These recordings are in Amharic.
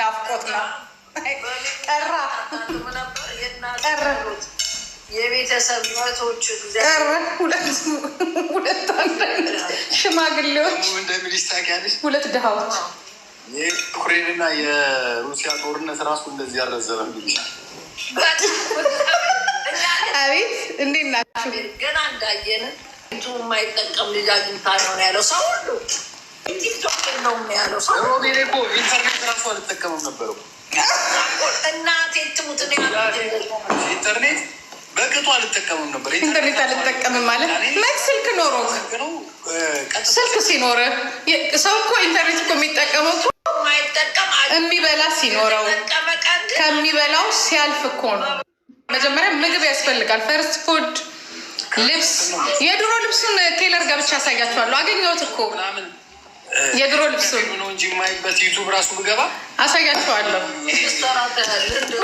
ናፍቆት ነው። ቀራ ቀረ የቤተሰብ ህይወቶች ቀረ ሁለት አንድ ሽማግሌዎች ሁለት ድሃዎች የዩክሬንና የሩሲያ ጦርነት ራሱ እንደዚህ ያረዘበ አቤት እንዴት ናቸው? ገና እንዳየን የማይጠቀም ልጅ አግኝታ ነው ያለው ሰው ሁሉ ቲክቶክ የለውም ያለው ሰው እኮ ኢንተርኔት ራሱ አልጠቀምም ነበር እናቴ ትሙት ኢንተርኔት በቅጡ አልጠቀምም ነበር። ኢንተርኔት አልጠቀምም ማለት መች ስልክ ኖሮ ስልክ ሲኖር ሰው እኮ ኢንተርኔት እኮ የሚጠቀመው የሚበላ ሲኖረው ከሚበላው ሲያልፍ እኮ ነው። መጀመሪያ ምግብ ያስፈልጋል። ፈርስት ፉድ፣ ልብስ የድሮ ልብሱን ቴለር ጋር ብቻ ያሳያቸዋለሁ። አገኘሁት እኮ የድሮ ልብስ ነው እንጂ የማይበት ዩቱብ ራሱ ብገባ አሳያቸዋለሁ።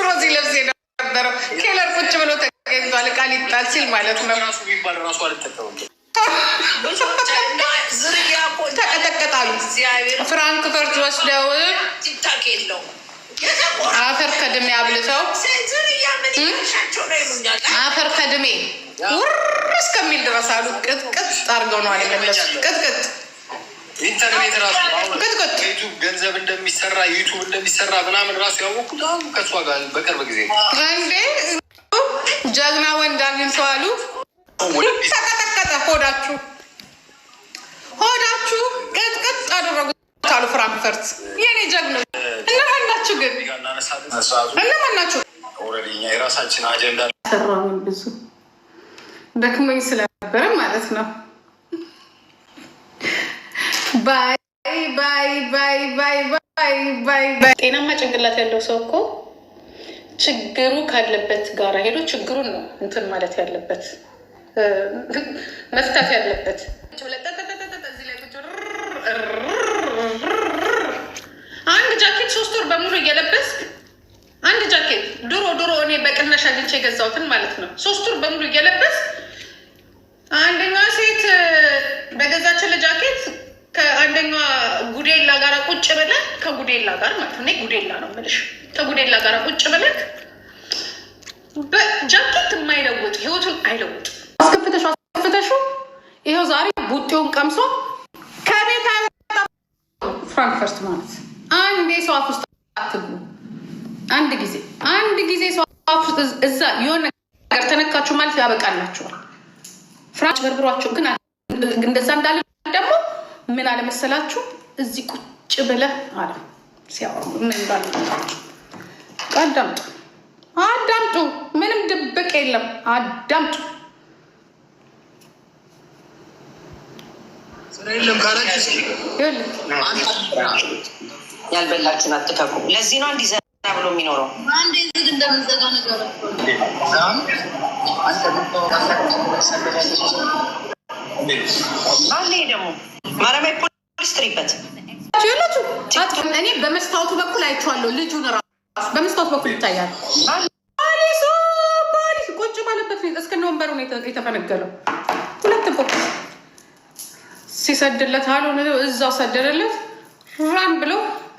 ሮዚ ለብስ የነበረው ቴለር ቁጭ ብሎ ተገኝቷል። ቃል ይጣል ሲል ማለት ነው። ራሱ ቢባል ራሱ አልጠቀምም። ተቀጠቀጣሉ። ፈርት ወስደው አፈር ከድሜ አብልተው አፈር ከድሜ ውር እስከሚል ድረስ አሉ። ቅጥቅጥ አድርገው ነው አለ ቅጥቅጥ ኢንተርኔት ራሱ ዩቱብ ገንዘብ እንደሚሰራ ዩቱብ እንደሚሰራ ምናምን ራሱ ያወቅኩት አሁን ከእሷ ጋር በቅርብ ጊዜ እንዴ ጀግና ወንድ አግኝተው አሉ። ተቀጠቀጠ ሆዳችሁ ሆዳችሁ ቅጥቅጥ አደረጉ አሉ ፍራንክፈርት። የኔ ጀግና እነማን ናችሁ ግን? እነማን ናችሁ? የራሳችን አጀንዳ ሰራውን ብዙ ደክመኝ ስለነበረ ማለት ነው ጤናማ ጭንቅላት ያለው ሰው እኮ ችግሩ ካለበት ጋራ ሄዶ ችግሩን ነው እንትን ማለት ያለበት መፍታት ያለበት። አንድ ጃኬት ሶስት ወር በሙሉ እየለበስክ አንድ ጃኬት ድሮ ድሮ እኔ በቅናሽ አግኝቼ የገዛሁትን ማለት ነው ሶስት ወር በሙሉ እየለበስ ጓደኛ ጉዴላ ጋር ቁጭ ብለን ከጉዴላ ጋር ማለት ነው ጉዴላ ነው የምልሽ ከጉዴላ ጋር ቁጭ ብለን በጃኬት የማይለውጥ ህይወቱን አይለውጥም። አስከፍተሹ አስከፍተሹ ይኸው ዛሬ ቡጤውን ቀምሶ ከቤት አይወጣ። ፍራንክፈርት ማለት አንዴ ሰው አፍ ውስጥ አትግቡ። አንድ ጊዜ አንድ ጊዜ ሰው አፍ ውስጥ እዛ የሆነ ነገር ተነካችሁ ማለት ያበቃላችኋል። ፍራንች በርብሯቸው ግን እንደዛ እንዳለ ምን አለመሰላችሁ እዚህ ቁጭ ብለህ አለ ሲያወሩ አዳምጡ አዳምጡ ምንም ድብቅ የለም አዳምጡ ያልበላችሁን አትተኩ ለዚህ ነው እንዲዘ ዘና ብሎ የሚኖረው አሌ ደግሞ ማረሚያ ፖሊስ ጥሪበት እኔ በመስታወቱ በኩል አይቼዋለሁ። ልጁን እራሱ በመስታወቱ በኩል ይታያል። ቁጭ ባለበት እስከነ ወንበሩ የተፈነገለው ሁለት ፎቅ ሲሰድለት አልሆነ እዛው ሰደደለት ራን ብሎ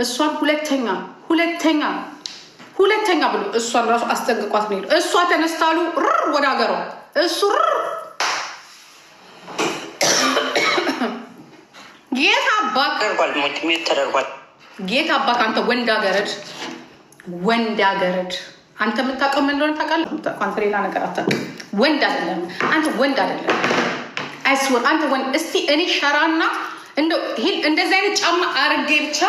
እሷን ሁለተኛ ሁለተኛ ሁለተኛ ብሎ እሷን ራሱ አስጠንቅቋት ነው ሄዱ። እሷ ተነስታሉ ርር ወደ ሀገሯ እሱ ርር ጌታ አባክ ተደርጓል። ጌታ አባክ አንተ ወንድ አገረድ ወንድ አገረድ አንተ የምታውቀው ምን እንደሆነ ታውቃለህ። አንተ ሌላ ነገር አታውቅም። ወንድ አይደለም አንተ ወንድ አይደለም። አይስወር አንተ ወንድ እስቲ እኔ ሸራና እንደዚህ አይነት ጫማ አርጌ ብቻ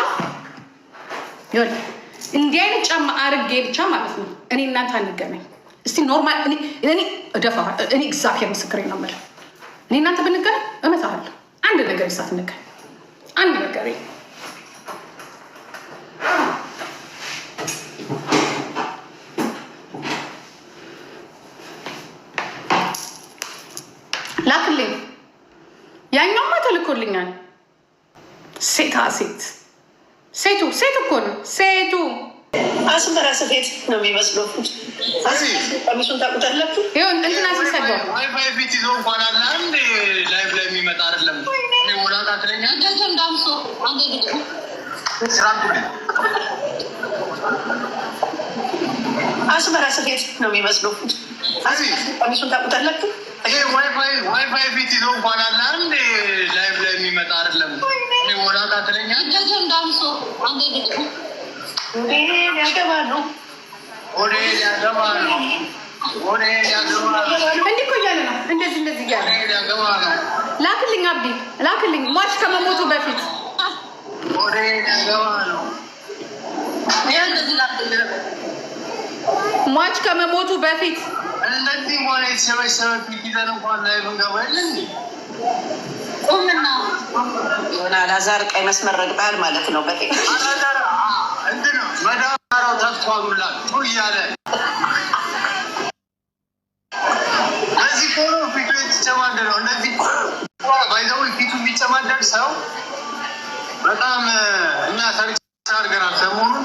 እንዲህ አይነት ጫማ አርጌ ብቻ ማለት ነው እኔ እናንተ አንገናኝ እስቲ ኖርማል እኔ እኔ እግዚአብሔር ምስክሬ ነው የምልህ እኔ እናንተ ብንገናኝ አንድ ነገር ይሳት አንድ ነገር ላክልኝ። ያኛውማ ተልኮልኛል። ሴታ ሴት ሴቱ ሴት እኮ ነው ሴቱ አስመራ ስፌት ነው የሚመስለው። ቀሚሱን ታውቁታላችሁ። እንትና ሲሰገው አስመራ ስፌት ነው የሚመስለው። ቀሚሱን ታውቁታላችሁ። ዋይፋይ ፊት ይዞ እንኳን አለ አንድ ላይፍ ላይ የሚመጣ አይደለም። ወላታ ትለኛ እንዳምሶ አንዴ እንዲህ እኮ እያለ ነው። እንደዚህ እንደዚህ እያለ ላክልኝ፣ አብዲ ላክልኝ። ሟች ከመሞቱ በፊት ሟች ከመሞቱ በፊት ቁምና ሆነ አላዛር ቀይ መስመር ረግጠሃል ማለት ነው በጤ መዳበሪያው ተጥቋምላል እያለ ለዚህ ሆኖ ፊቱ የተጨማደድ ነው። እነዚህ ባይዘው ፊቱ የሚጨማደድ ሰው በጣም እኛ ሰርች አድርገናል። ሰሞኑን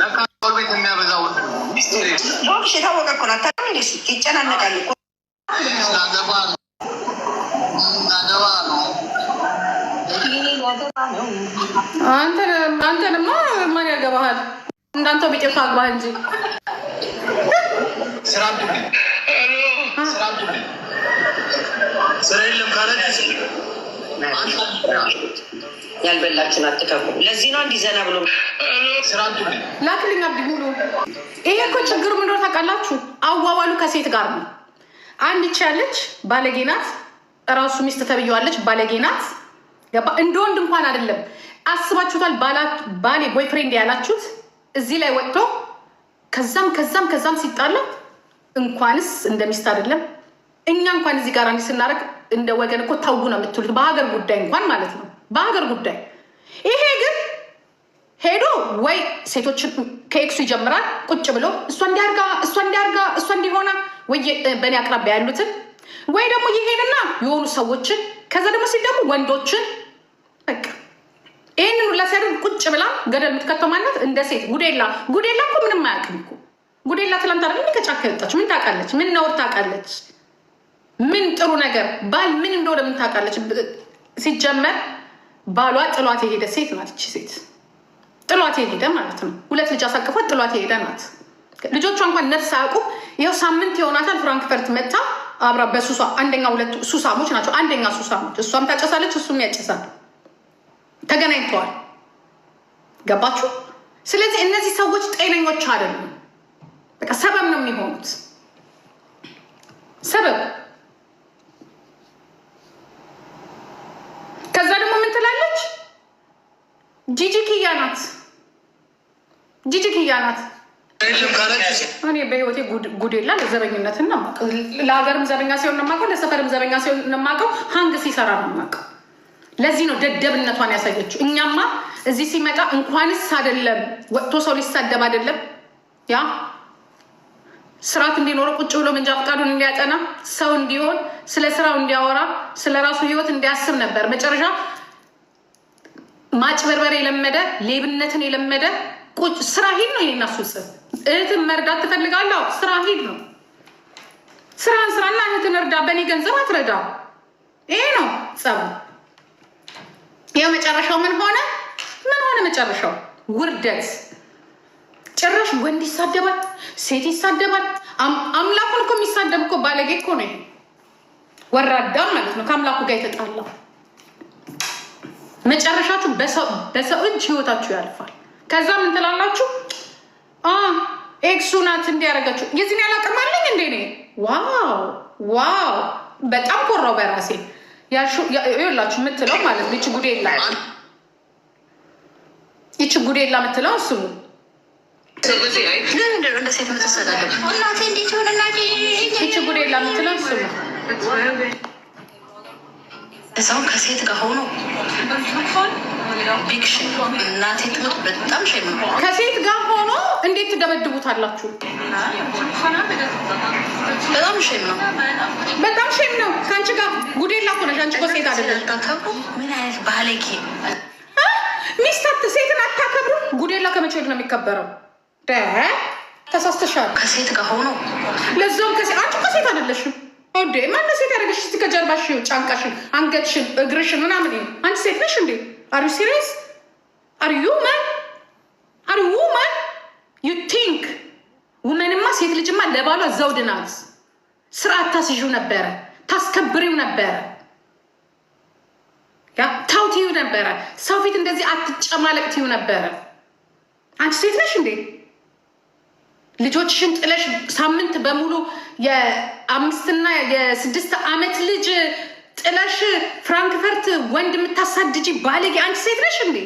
ለካ ቤት የሚያበዛ ወንድ ሚስቴር ሽ የታወቀ እኮ ነው። ይጨናነቃል አንተንማ ማን ያገባሃል? እንዳንተ ቢጤው ታግባ እንጂ ስራ የለም ካለት ያልበላችን አትከፉ። ለዚህ ነው እንዲህ ዘና ብሎ ላክልኝ። አብዲ ሙሉ ይሄ እኮ ችግሩ ምንድን ነው ታውቃላችሁ? አዋዋሉ ከሴት ጋር ነው። አንድ ቻ ያለች ባለጌ ናት። እራሱ ሚስት ተብየዋለች፣ ባለጌ ናት። ገባ እንደ ወንድ እንኳን አይደለም። አስባችሁታል? ባሌ ቦይፍሬንድ ያላችሁት እዚህ ላይ ወጥቶ ከዛም ከዛም ከዛም ሲጣላ እንኳንስ እንደሚስት አይደለም እኛ እንኳን እዚህ ጋር እንዲህ ስናደርግ እንደ ወገን እኮ ታው ነው የምትሉት። በሀገር ጉዳይ እንኳን ማለት ነው በሀገር ጉዳይ። ይሄ ግን ሄዶ ወይ ሴቶችን ከኤክሱ ይጀምራል ቁጭ ብሎ እሷ እንዲያርጋ እሷ እንዲያርጋ እሷ እንዲሆና ወይ በእኔ አቅራቢያ ያሉትን ወይ ደግሞ ይሄንና የሆኑ ሰዎችን ከዛ ደግሞ ሲል ደግሞ ወንዶችን በቃ ይህንን ሁላ ሲያደርግ ቁጭ ብላ ገደል የምትከተው ማለት እንደ ሴት ጉዴላ ጉዴላ እኮ ምንም አያውቅም እኮ ጉዴላ ትላንት አለ ከጫካ የወጣች ምን ታውቃለች? ምን ነውር ታውቃለች? ምን ጥሩ ነገር ባል ምን እንደሆነ ምን ታውቃለች? ሲጀመር ባሏ ጥሏት የሄደ ሴት ናት። እቺ ሴት ጥሏት የሄደ ማለት ነው። ሁለት ልጅ አሳቅፏት ጥሏት የሄደ ናት። ልጆቿ እንኳን ነፍስ አያውቁ። ይኸው ሳምንት የሆናታል ፍራንክፈርት መታ አብራ በሱሷ አንደኛ ሁለቱ ሱሳሞች ናቸው። አንደኛ ሱሳሞች እሷም ታጨሳለች፣ እሱም ያጨሳል። ተገናኝተዋል። ገባችሁ? ስለዚህ እነዚህ ሰዎች ጤነኞች አይደሉም። በቃ ሰበብ ነው የሚሆኑት። ሰበብ ከዛ ደግሞ ምን ትላለች? ጂጂ ኪያ ናት፣ ጂጂ ኪያ ናት። እኔ በህይወቴ ጉዴላ ለዘበኝነትን ነው የማውቀው። ለሀገርም ዘበኛ ሲሆን ነው ለሰፈርም ዘበኛ ሲሆን ነው ሀንግ ሲሰራ ነው የማውቀው ለዚህ ነው ደደብነቷን ያሳየችው። እኛማ እዚህ ሲመጣ እንኳንስ አይደለም ወጥቶ ሰው ሊሳደብ አይደለም ያ ስርዓት እንዲኖረው ቁጭ ብሎ መንጃ ፈቃዱን እንዲያጠና ሰው እንዲሆን ስለ ስራው እንዲያወራ ስለ ራሱ ህይወት እንዲያስብ ነበር። መጨረሻ ማጭበርበር የለመደ ሌብነትን የለመደ ቁጭ ስራ ሂድ ነው። ይሄን አስውጽ እህትን መርዳት ትፈልጋለሁ። ስራ ሂድ ነው። ስራን ስራና እህትን እርዳ። በእኔ ገንዘብ አትረዳ። ይሄ ነው ጸቡ። መጨረሻው ምን ሆነ? ምን ሆነ መጨረሻው? ውርደት። ጭራሽ ወንድ ይሳደባል፣ ሴት ይሳደባል። አምላኩን እኮ የሚሳደብ እኮ ባለጌ እኮ ነው፣ ወራዳ ማለት ነው። ከአምላኩ ጋር የተጣላው መጨረሻችሁ በሰው እጅ ህይወታችሁ ያልፋል። ከዛ ምን ትላላችሁ? ኤክሱ ናት እንዲያደረጋችሁ የዚህን ያላቅማለኝ እንዴ? ዋው ዋው! በጣም ኮራው በራሴ ይላችሁ የምትለው ማለት ነው። ይቺ ጉዴላ ይቺ ጉዴላ የምትለው ስሙ ይቺ ጉዴላ የምትለው ስሙ ሰው ከሴት ጋር ሆኖ ከሴት ጋር ሆኖ እንዴት ትደበድቡታላችሁ? በጣም ሼም ነው፣ በጣም ሼም ነው። ከአንቺ ጋር ጉዴላ ሆነሽ አንቺ እኮ ሴት አይደለሽ። ምን ሚስት ሴትን አታከብሩ። ጉዴላ ከመቼ ነው የሚከበረው? ተሳስተሻል። ከሴት ጋር ሆኖ ለዛውም፣ ከሴት አንቺ እኮ ሴት አይደለሽም። ወዴ ማነው ሴት ያደረገሽ? ከጀርባሽ ጫንቃሽን፣ አንገትሽን፣ እግርሽን ምናምን አንቺ ሴት ነሽ እንዴ? አር ዩ ሲሪየስ? አር ዩ ማን? አር ዩ ማን ዩ ቲንክ? ውመንማ ሴት ልጅማ ለባሏ ዘውድ ናት። ስርዓት ታስይዥው ነበረ፣ ታስከብሪው ነበረ፣ ታውትዩ ነበረ፣ ሰው ፊት እንደዚህ አትጨማለቅትው ነበረ። አንቺ ሴት ነሽ እንዴ? ልጆችሽን ጥለሽ ሳምንት በሙሉ የአምስትና የስድስት ዓመት ልጅ ጥለሽ ፍራንክፈርት ወንድ የምታሳድጂ ባለጌ አንቺ ሴት ነሽ እንዴ?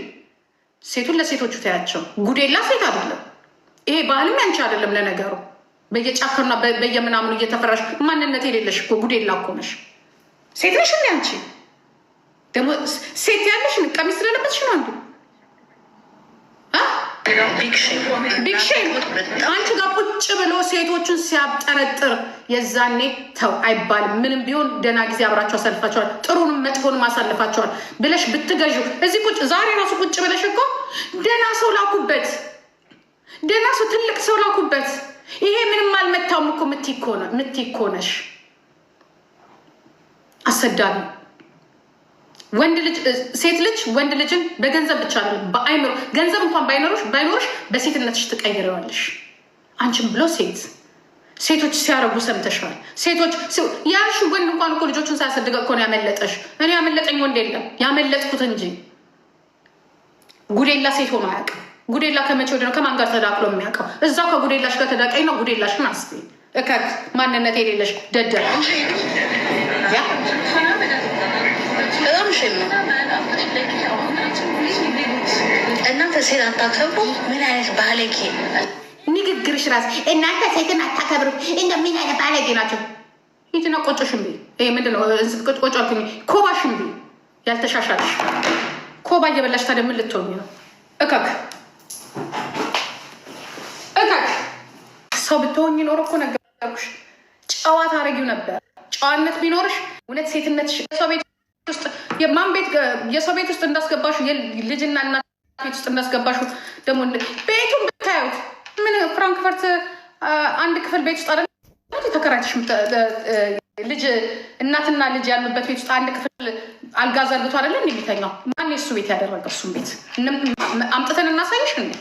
ሴቱን ለሴቶቹ ተያቸው። ጉዴላ ሴት አይደለም ይሄ ባህልም ያንቺ አይደለም። ለነገሩ በየጫከሩና በየምናምኑ እየተፈራሽ ማንነት የሌለሽ እኮ ጉዴላ እኮ ነሽ። ሴት ነሽ እንዴ አንቺ ደግሞ ሴት ያለሽ ቀሚስ ስለለበስሽ ነው እንዴ? ቢግሼም አንቺ ጋር ቁጭ ብሎ ሴቶቹን ሲያብጠረጥር የዛኔ ተው አይባልም። ምንም ቢሆን ደህና ጊዜ አብራቸው አሳልፋቸዋል፣ ጥሩንም መጥፎንም አሳልፋቸዋል ብለሽ ብትገዥ እዚህ ቁጭ ዛሬ ራሱ ቁጭ ብለሽ እኮ ደህና ሰው ላኩበት፣ ደህና ሰው ትልቅ ሰው ላኩበት። ይሄ ምንም አልመታውም እኮ ምትኮነሽ አሰዳሚ ወንድ ልጅ ሴት ልጅ ወንድ ልጅን በገንዘብ ብቻ በአይምሮ ገንዘብ እንኳን ባይኖሮች ባይኖሮች በሴትነትሽ ትቀይረዋለሽ። አንቺም ብሎ ሴት ሴቶች ሲያረጉ ሰምተሻል። ሴቶች ያሽ ወንድ እንኳን እኮ ልጆቹን ሳያሰድገ እኮ ነው ያመለጠሽ። እኔ ያመለጠኝ ወንድ የለም ያመለጥኩት እንጂ ጉዴላ ሴት ሆኖ አያውቅም። ጉዴላ ከመቼ ወደ ነው ከማን ጋር ተዳቅሎ የሚያውቀው? እዛው ከጉዴላሽ ጋር ተዳቀኝ ነው። ጉዴላሽን አስቢ እከክ ማንነት የሌለሽ ደደር በጣም ሽል ነው እናንተ ሴት አታከብሩ። ምን አይነት ባለጌ ንግግርሽ ራስ እናንተ ሴትን አታከብሩ። እንደ ምን አይነት ባለጌ ናቸው። ሂትና ቆጮ ሽምቢ ምንድነው? ቆጮ ኮባ ሽምቢ ያልተሻሻልሽ ኮባ እየበላሽ ታዲያ ምን ልትሆኝ ነው? እከክ እከክ ሰው ብትሆኝ ኖሮ እኮ ነገርኩሽ፣ ጨዋ አረጊው ነበር። ጨዋነት ቢኖርሽ እውነት ሴትነትሽ ሰው ቤት ውስጥ የማን ቤት የሰው ቤት ውስጥ እንዳስገባሹ ልጅና እናት ቤት ውስጥ እንዳስገባሹ ደግሞ ቤቱን ብታዩት ምን ፍራንክፈርት አንድ ክፍል ቤት ውስጥ አለ ተከራይተሽ ልጅ እናትና ልጅ ያሉበት ቤት ውስጥ አንድ ክፍል አልጋ ዘርግቶ አይደለ እንዲሚተኛው ማን የሱ ቤት ያደረገ እሱም ቤት አምጥተን እናሳይሽ እንዴ?